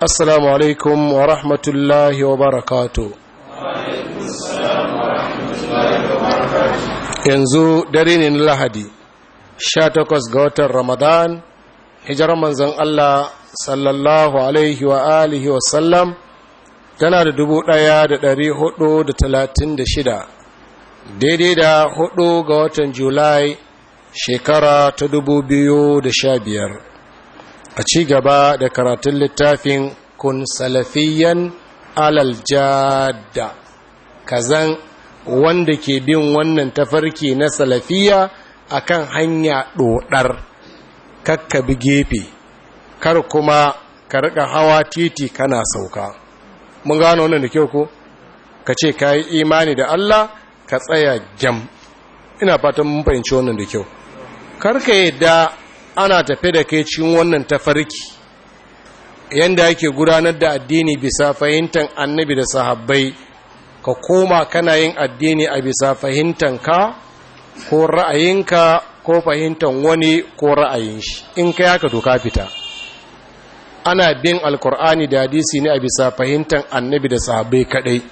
assalamu alaikum wa rahmatullahi wa barakatu yanzu dare ne na lahadi 18 ga watan ramadan hijirar manzan allah sallallahu alaihi wa tana da dubu ɗaya da dari hudu da talatin da shida daidai da hudu ga watan julai shekara ta dubu biyu da sha biyar a ci gaba da karatun littafin kun salafiyan alal jada kazan wanda ke bin wannan tafarki na salafiya akan hanya dodar bi gefe kar kuma ka hawa titi kana sauka mun gano wannan da kyau ko ka ce ka yi imani da Allah ka tsaya jam ina fatan mun fahimci wannan da kyau kar ka yadda ana tafe da kai cikin wannan tafarki yadda ake gudanar da addini bisa fahimtar annabi da sahabbai ka koma kana yin addini a bisa ka ko ra'ayinka ko fahimtar wani ko ra'ayin shi in ka yaka to fita ana bin alkur'ani da hadisi ne a bisa fahimtar annabi da sahabbai kadai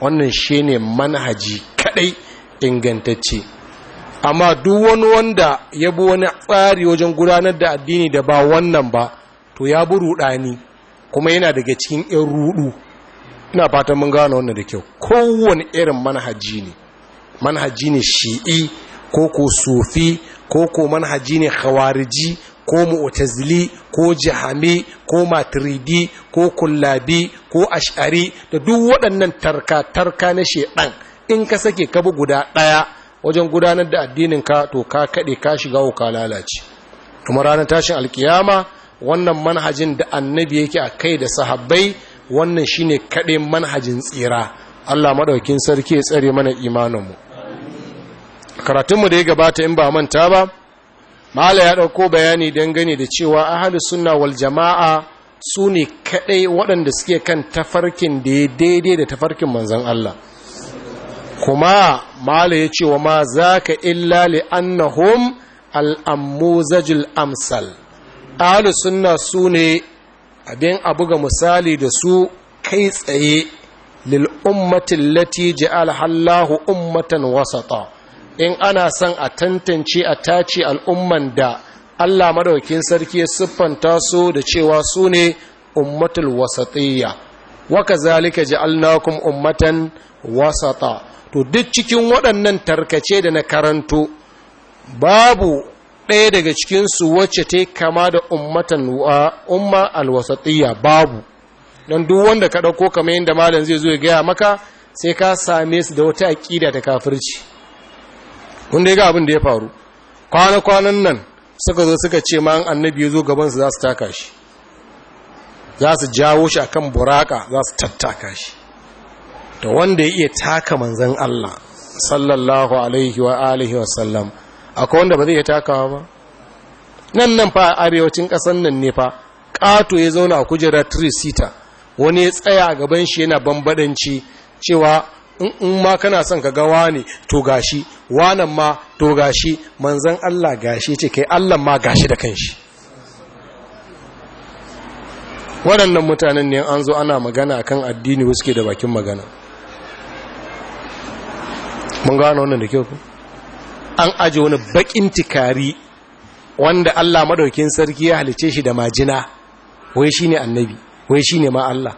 wannan shine manhaji kadai ingantacce amma duk wani wanda ya bi wani tsari wajen gudanar da addini da ba wannan ba to ya bi rudani, kuma yana daga cikin 'yan ruɗu ina fatan mun gano wannan da kyau kowane irin manhaji ne manhaji ne shi'i ko ko sufi ko ko manhaji ne khawariji ko mu'tazili ko jahami ko maturidi ko kullabi ko ash'ari da duk waɗannan tarka tarka na shedan in ka sake ka bi guda ɗaya wajen gudanar da addinin ka to ka kaɗe ka shiga ka lalace kuma ranar tashin alkiyama wannan manhajin da annabi yake a kai da sahabbai wannan shine kade manhajin tsira Allah maɗaukin sarki ya tsare mana imanin imaninmu karatunmu da ya gabata in ba manta ba mala ya ɗauko bayani dangane da cewa ahlus sunna wal jama'a su ne kaɗai waɗanda suke kan tafarkin da ya daidai da tafarkin manzon Allah kuma mala ya ce wa ma za ka illa li annahum al'ammuzajil amsal sunna su ne abin abu ga misali da su kai tsaye lil'ummatin lati ji alhallahu ummatan wasata in ana son a tantance a tace al'umman da Allah madaukin sarki ya siffanta su da cewa su ne ummatul wasatiyya waka zalika alnakun ummatan wasata to duk cikin waɗannan tarkace da na karanto babu ɗaya daga cikinsu wacce ta kama da ummatan umma alwasatiyya babu don duk wanda ka ɗauko kamar yadda malam zai zo ya gaya maka sai ka same su da wata aƙida ta kafirci wanda ya ga abin da ya faru kwana-kwanan nan suka zo suka ce ma annabi ya zo gabansu za su taka shi za su jawo shi akan buraka za su tattaka shi Da wanda ya iya taka manzan Allah sallallahu alaihi wa alihi wa sallam akwai wanda ba zai iya takawa ba nan nan fa a arewacin kasan nan ne fa kato ya zauna a kujera trisita wani ya tsaya a gaban shi yana bambadanci cewa in ma kana son ka ga wani to gashi wanan ma to gashi manzan Allah gashi ce kai Allah ma gashi da kanshi waɗannan mutanen ne an zo ana magana kan addini wasu da bakin magana mun gano wannan da kyau ku an aje wani bakin tikari wanda Allah madaukin sarki ya halice shi da majina wai shine annabi wai shine ma Allah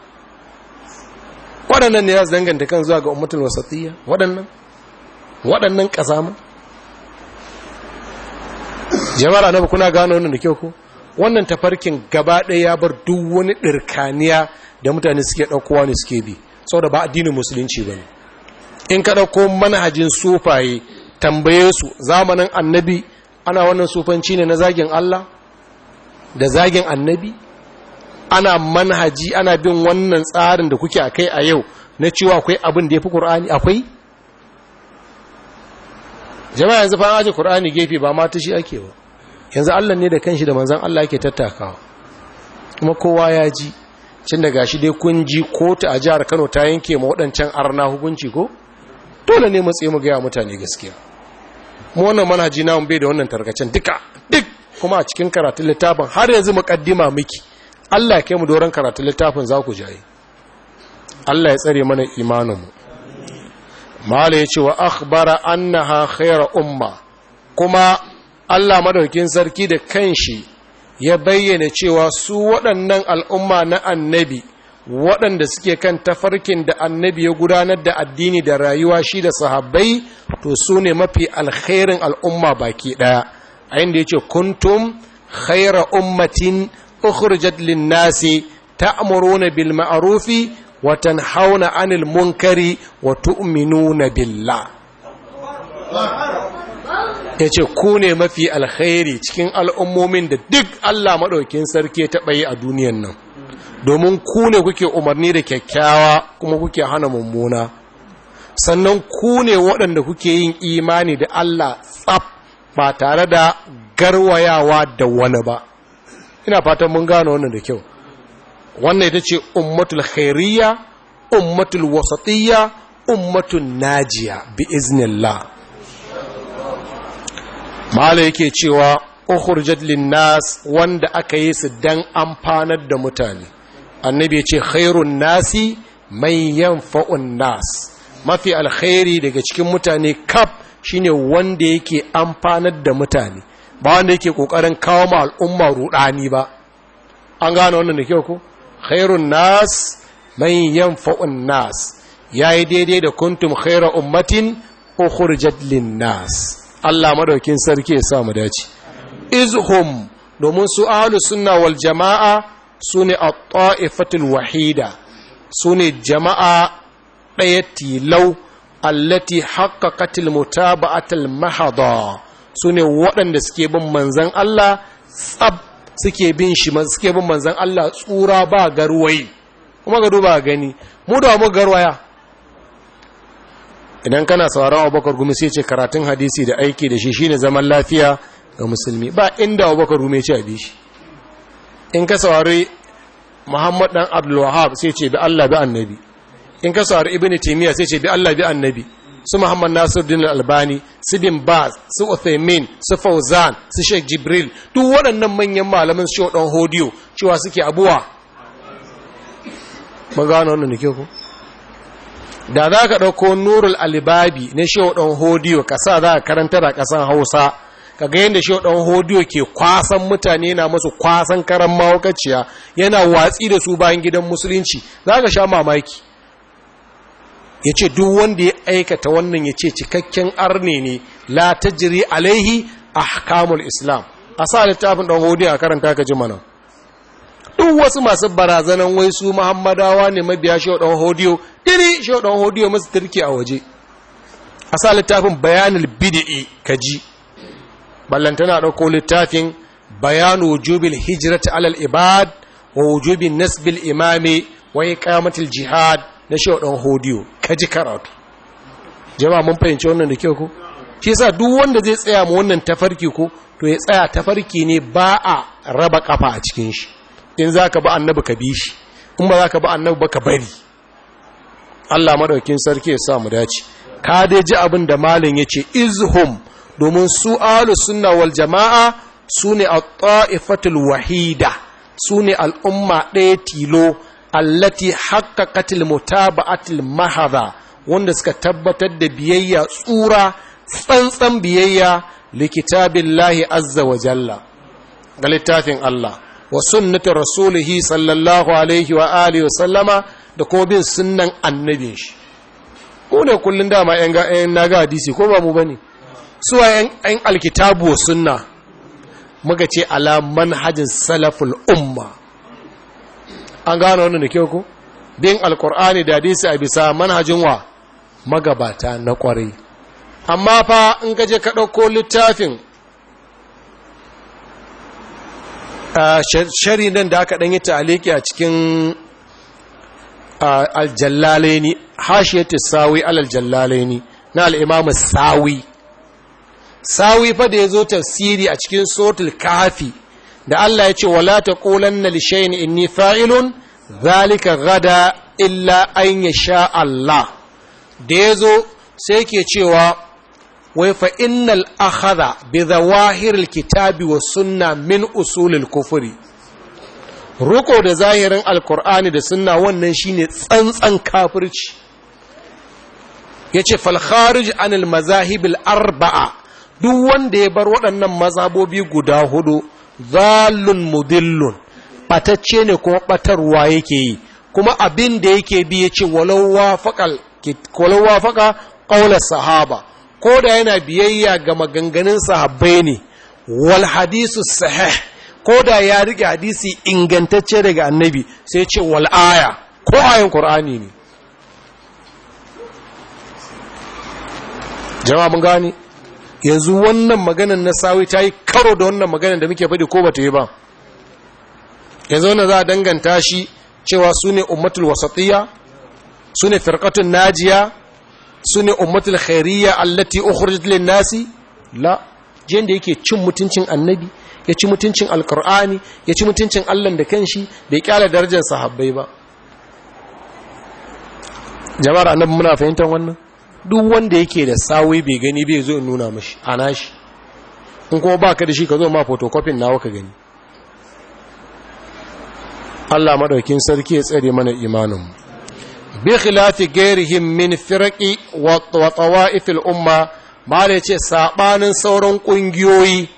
waɗannan ne za su danganta kan zuwa ga ummatul wasatiyya waɗannan waɗannan ƙasama jama'ar annabi kuna gano wannan da kyau ko wannan tafarkin gaba ɗaya ya bar duk wani ɗirkaniya da mutane suke ɗaukowa ne suke bi saboda ba addinin musulunci ba ne in ka ɗauko manhajin sufaye tambaye su zamanin annabi ana wannan sufanci ne na zagin Allah da zagin annabi ana manhaji ana bin wannan tsarin da kuke a kai a yau na cewa akwai abin da ya fi ƙur'ani akwai jama'a yanzu fara aji ƙur'ani gefe ba ma ta shi ake ba yanzu Allah ne da kanshi da manzan Allah ke tattakawa kuma kowa ya ji cin da gashi dai kun ji kotu a jihar kano ta yanke ma waɗancan arna hukunci ko dole ne matsayi mu gaya mutane gaskiya mu wannan manhaji namu bai da wannan tarkacen duka duk kuma a cikin karatun littafin har yanzu muqaddima miki Allah ya kai mu doron karatun littafin za ku jaye Allah ya tsare mana mu. mala ya ce wa akhbara annaha khayra umma kuma Allah madaukin sarki da kanshi ya bayyana cewa su waɗannan al'umma na annabi waɗanda suke kan tafarkin da annabi ya gudanar da addini da rayuwa shi da sahabbai to su ne mafi alkhairin al'umma baki ɗaya a inda ya ce kuntum khaira ummatin ukhrijat linnasi ta'muruna bil ma'rufi wa tanhauna 'anil munkari wa tu'minuna billah ya ce ku ne mafi alkhairi cikin al'ummomin da duk Allah maɗaukin sarki ya taɓa yi a duniyan nan domin ku ne kuke umarni da kyakkyawa kuma kuke hana mummuna sannan ku ne waɗanda kuke yin imani da Allah tsab ba tare da garwayawa da wani ba ina fatan mun gano wannan da kyau wannan ita ce ummatul khairiyya ummatul wasatiyya ummatul najiya bi iznillah mala yake cewa ukhrijat linnas wanda aka yi su dan amfanar da mutane annabi ya ce khairun nasi man yanfa'un nas mafi alkhairi daga cikin mutane kaf shine wanda yake amfanar da mutane ba wanda yake kokarin kawo ma al'umma rudani ba an gane wannan da kyau ko khairun nas man yanfa'un nas yayi daidai da kuntum khaira ummatin ukhrijat lin nas Allah madaukin sarki ya sa mu dace izhum domin su ahlus sunna wal jama'a sune a taifatul wahida sune jama'a ɗaya tilau allati haqqaqatil mutaba'atul mahada sune waɗanda suke bin manzan Allah tsab suke bin shi suke bin manzan Allah tsura ba garwayi kuma ga duba gani mu da mu garwaya idan kana sauraron abubakar gumi sai ce karatun hadisi da aiki da shi shine zaman lafiya ga musulmi ba inda abubakar rume ce a bi shi in ka saurari muhammad dan abdulwahab sai ce bi allah bi annabi in ka saurari ibn timiyya sai ce bi allah bi annabi su muhammad nasiruddin albani su bin baz su uthaymin su fauzan su sheikh jibril duk waɗannan manyan malaman su ɗan hodiyo cewa suke abuwa ba gano wannan ku da za ka ɗauko nurul alibabi na shehu ɗan hodiyo ƙasa za ka karanta da ƙasan hausa kaga yadda shi ɗan hodiyo ke kwasan mutane na masu kwasan karan mawakaciya yana watsi da su bayan gidan musulunci za ka sha mamaki ya ce duk wanda ya aikata wannan ya ce cikakken arne ne la tajiri alaihi ahkamul islam a sa littafin ɗan hodiyo a karanta ka ji mana duk wasu masu barazanan wai su muhammadawa ne mabiya shi ɗan hodiyo diri shi ɗan hodiyo masu turki a waje a sa littafin bayanin bidi'i ka ji tana ɗauko littafin bayanu wujubil hijrati alal ibad wa wujubin nasbil imami wa iqamatil jihad na shehu dan hodiyo kaji karatu jama'a mun fahimci wannan da kyau ko shi yasa duk wanda zai tsaya mu wannan tafarki ko to ya tsaya tafarki ne ba a raba kafa a cikin shi in zaka ba annabi ka bi shi in ba ka ba annabi ba ka bari Allah maɗaukin sarki ya sa mu dace ka dai ji abin da malin yace izhum domin su ahlu sunna wal jama'a su ne a ta'ifatul wahida su ne al'umma ɗaya tilo allati haqqaqatil mutaba'atil mahaza wanda suka tabbatar da biyayya tsura tsantsan biyayya lahi azza wa jalla ga littafin Allah wa sunnatar rasulihi sallallahu alaihi wa alihi wa sallama da kuma bin sunnan annabin shi ko ne kullun dama yan ga hadisi ko ba mu bane suwa yan alkitabu sunna muka ce ala manhajin salaful umma an gano wani da kyau ku. bin alkur'ani da hadisi a bisa manhajin wa magabata na kwarai amma fa in gaje ka ɗauko littafin shari nan da aka ɗanyi taliki a cikin aljallalaini hashiyar tisawi alaljallalaini na al'imamu sawi sawi fa da ya zo tafsiri a cikin sotul kafi da Allah ya ce wala kolan li shay'in inni fa'ilun zalika gada illa an ya sha Allah da ya zo sai ke cewa wai fa innal akhadha bi zawahiril kitabi wa sunna min usulil kufuri. ruko da zahirin alkur'ani da sunna wannan shine tsantsan kafirci yace fal kharij anil mazahib arba'a duk wanda ya bar waɗannan mazabobi guda hudu zalun mudillun Ɓatacce ne kuma ɓatarwa yake yi kuma abin da yake bi ce ƙaunar sahaba ko da yana biyayya ga maganganun sahabbai ne wal hadisu sahih ko da ya riƙe hadisi ingantacce daga annabi sai ce wal aya ko ayin qur'ani ne jama'a mun gane yanzu wannan maganan na sawi ta yi karo da wannan maganan da muke faɗi ko ba ta yi ba yanzu wannan za a danganta shi cewa su ne ummatul wasatiyya su ne firkatun najiya su ne ummatul khairiyya allati ukhrijat lin nasi la jin da yake cin mutuncin annabi ya ci mutuncin alkur'ani ya ci mutuncin allah da kanshi bai kyala darajar sahabbai ba jama'ar annabi muna fahimtar wannan duk wanda yake da sawi bai gani bai zo in nuna mashi a nashi, in kuma ba ka da shi ka zo ma fotokofin nawa ka gani Allah maɗaukin sarki ya tsare mana imanin bi khilafi gairihim min firqi wa tawa'if al-umma mala ce sabanin sauran ƙungiyoyi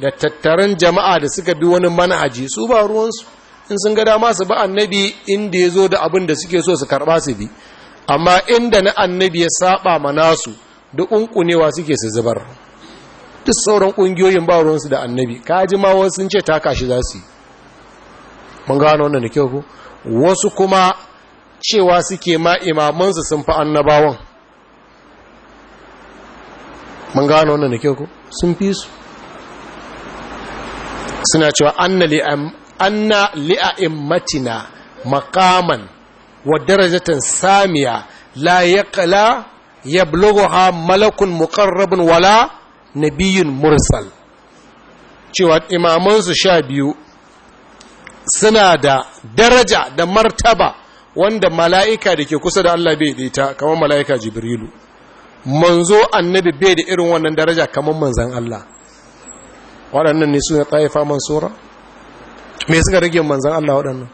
da tattaran jama'a da suka bi wani manhaji su ba ruwansu in sun ga dama su ba annabi inda ya zo da abin da suke so su karba su bi amma inda na annabi ya saba ma nasu duk unkunewa suke su zubar duk sauran kungiyoyin ba ruwansu da annabi kaji ma wasu sun ce taka shi za su yi mun gano wannan da kyau ku wasu kuma cewa suke ma imamansu sun fi annabawan mun gano wannan da kyau ku sun fi su suna cewa anna li'a'immatina makaman wa darajatan samiya la yaqla yablughuha malakun muqarrabun wala nabiyyun mursal cewa imamansu sha biyu suna da daraja da martaba wanda mala'ika da ke kusa da Allah bai da ita kamar mala'ika jibrilu manzo annabi bai da irin wannan daraja kamar manzan Allah waɗannan ne suna taifa mansura me suka rage manzan Allah waɗannan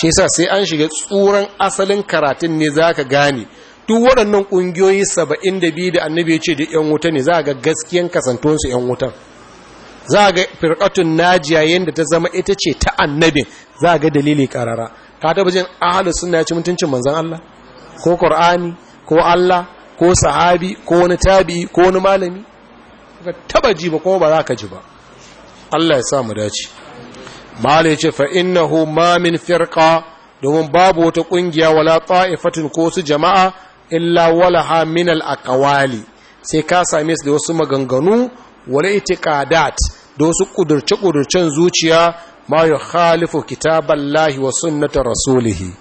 shi yasa sai an shiga tsuran asalin karatun ne za ka gane duk waɗannan ƙungiyoyi saba'in da biyu da annabi ya ce da ‘yan wuta ne za a ga gaskiyan kasantonsu ‘yan wutan za a ga firƙatun najiya yadda ta zama ita ce ta annabi za a ga dalili ƙarara ka taɓa jin ahalu suna ci mutuncin manzan Allah ko Kur'ani, ko Allah ko sahabi ko wani tabi'i ko wani malami ka taɓa ji ba kuma ba za ka ji ba Allah ya sa mu dace malai ya ce fa innahu ma min domin babu wata ƙungiya wala ta'ifatin ko su jama'a illa wala min al sai ka same su da wasu maganganu wala itiqadat da wasu ƙudurce kudurcen zuciya ma yukhalifu kitaballahi wa sunnata rasulihi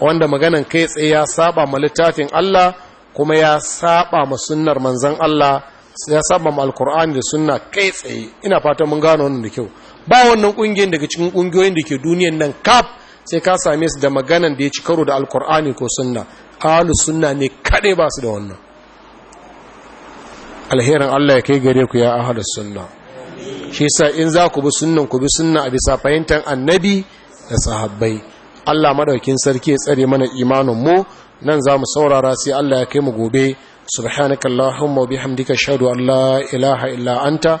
wanda maganan kai tsaye ya saba ma littafin Allah kuma ya saba ma sunnar manzan Allah ya saba ma alkur'ani da sunna kai tsaye ina fata mun gano wannan da kyau ba wannan ƙungiyar daga cikin ƙungiyoyin da ke duniyar nan kaf sai ka same su da maganan da ya ci karo da alkur'ani ko sunna ahlus sunna ne kaɗai ba su da wannan alherin Allah ya kai gare ku ya ahlus sunna shi yasa in za ku bi sunnan ku bi sunna a bisa fahimtar annabi da sahabbai Allah maɗaukin sarki ya tsare mana imanin mu nan za mu saurara sai Allah ya kai mu gobe subhanakallahumma wa bihamdika ashhadu an la